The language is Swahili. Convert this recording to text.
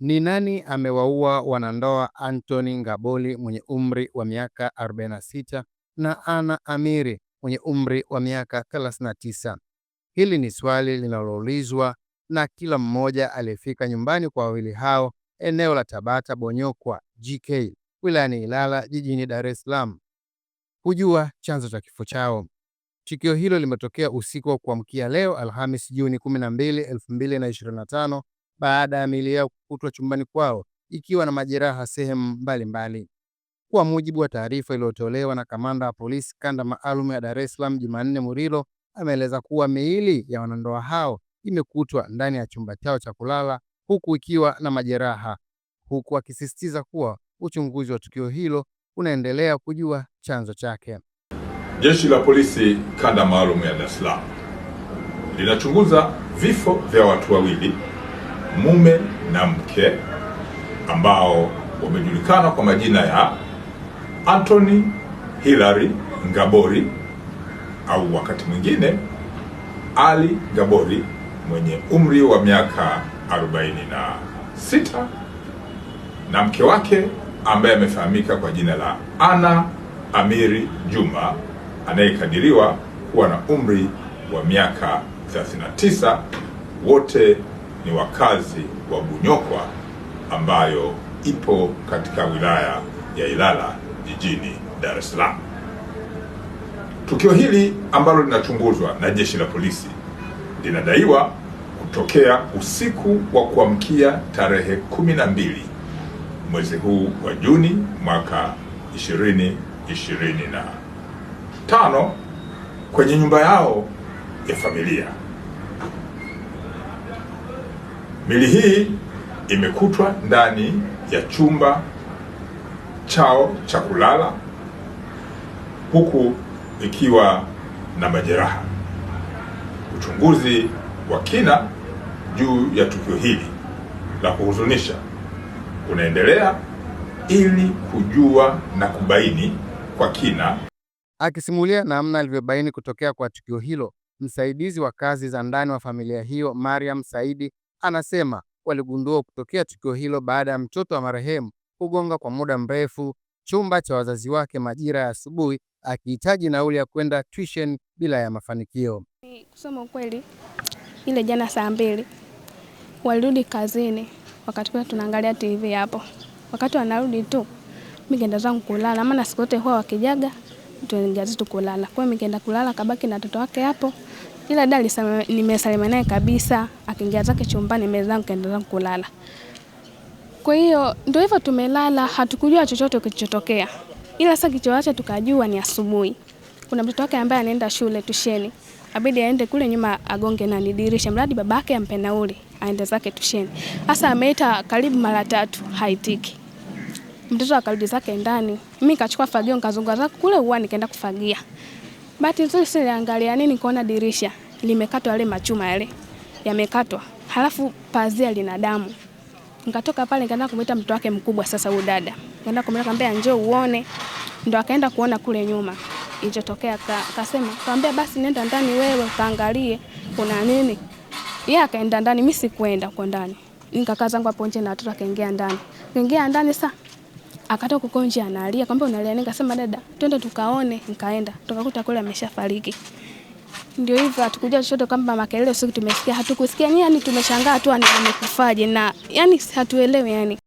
Ni nani amewaua wanandoa Anthony Ngaboli mwenye umri wa miaka 46 na Anna Amiri mwenye umri wa miaka 39? Hili ni swali linaloulizwa na kila mmoja aliyefika nyumbani kwa wawili hao eneo la Tabata Bonyokwa GK wilayani Ilala jijini Dar es Salaam kujua chanzo cha kifo chao. Tukio hilo limetokea usiku wa kuamkia leo Alhamis Juni 12, 2025 baada ya miili yao kukutwa chumbani kwao ikiwa na majeraha sehemu mbalimbali. Kwa mujibu wa taarifa iliyotolewa na kamanda wa polisi kanda maalum ya Dar es Salaam Jumanne Murilo, ameeleza kuwa miili ya wanandoa hao imekutwa ndani ya chumba chao cha kulala huku ikiwa na majeraha, huku akisisitiza kuwa uchunguzi wa tukio hilo unaendelea kujua chanzo chake. Jeshi la polisi kanda maalum ya Dar es Salaam linachunguza vifo vya watu wawili mume na mke ambao wamejulikana kwa majina ya Anthony Hilary Ngabori au wakati mwingine Ali Ngabori mwenye umri wa miaka 46 na mke wake ambaye amefahamika kwa jina la Ana Amiri Juma anayekadiriwa kuwa na umri wa miaka 39 wote ni wakazi wa Bunyokwa ambayo ipo katika wilaya ya Ilala jijini Dar es Salaam. Tukio hili ambalo linachunguzwa na jeshi la polisi linadaiwa kutokea usiku wa kuamkia tarehe 12 mwezi huu wa Juni mwaka 2025 kwenye nyumba yao ya familia. Mili hii imekutwa ndani ya chumba chao cha kulala huku ikiwa na majeraha. Uchunguzi wa kina juu ya tukio hili la kuhuzunisha unaendelea ili kujua na kubaini kwa kina. Akisimulia namna alivyobaini kutokea kwa tukio hilo, msaidizi wa kazi za ndani wa familia hiyo Mariam Saidi anasema waligundua kutokea tukio hilo baada ya mtoto wa marehemu kugonga kwa muda mrefu chumba cha wazazi wake majira ya asubuhi akihitaji nauli ya kwenda tuition bila ya mafanikio. Kusema ukweli, ile jana saa mbili walirudi kazini, wakati kwa tunaangalia TV hapo. Wakati wanarudi tu mimi zangu kulala, maana siku huwa wakijaga tuingia zetu kulala. Kwa mimi kulala, kabaki na mtoto wake hapo. Ila dada nimesalimana naye kabisa, akiingia zake chumbani, mezangu kaenda zangu kulala. Kwa hiyo ndio hivyo, tumelala, hatukujua chochote kilichotokea, ila sasa kichoacha tukajua ni asubuhi, kuna mtoto wake ambaye anaenda shule tusheni, abidi aende kule nyuma agonge na nidirisha, mradi babake ampe nauli aende zake tusheni. Sasa ameita karibu mara tatu, haitiki mtoto akarudi zake ndani, mimi nikachukua fagio nikazunguka zake kule uani, nikaenda kufagia. Bahati nzuri sisi niliangalia yaani nini, kuona dirisha limekatwa, yale machuma yale yamekatwa, halafu pazia lina damu. Nikatoka pale nikaenda kumuita mtoto wake mkubwa, sasa huyu dada, nikaenda kumwita kaambia, njoo uone. Ndio akaenda kuona kule nyuma ilichotokea, akasema ka, kaambia, basi nenda ndani wewe kaangalie kuna nini. Yeye akaenda ndani, mimi sikwenda kwa ndani, nikakaa zangu hapo nje na watoto. Akaingia ndani, kaingia ndani sasa akatoka huko nje analia, kwamba unalia nini? Kasema dada, twende tukaone. Nikaenda tukakuta kule ameshafariki. Ndio hivyo, hatukujua chochote kwamba makelele siku tumesikia, hatukusikia. Yani tumeshangaa tu amekufaje, na yani hatuelewi yani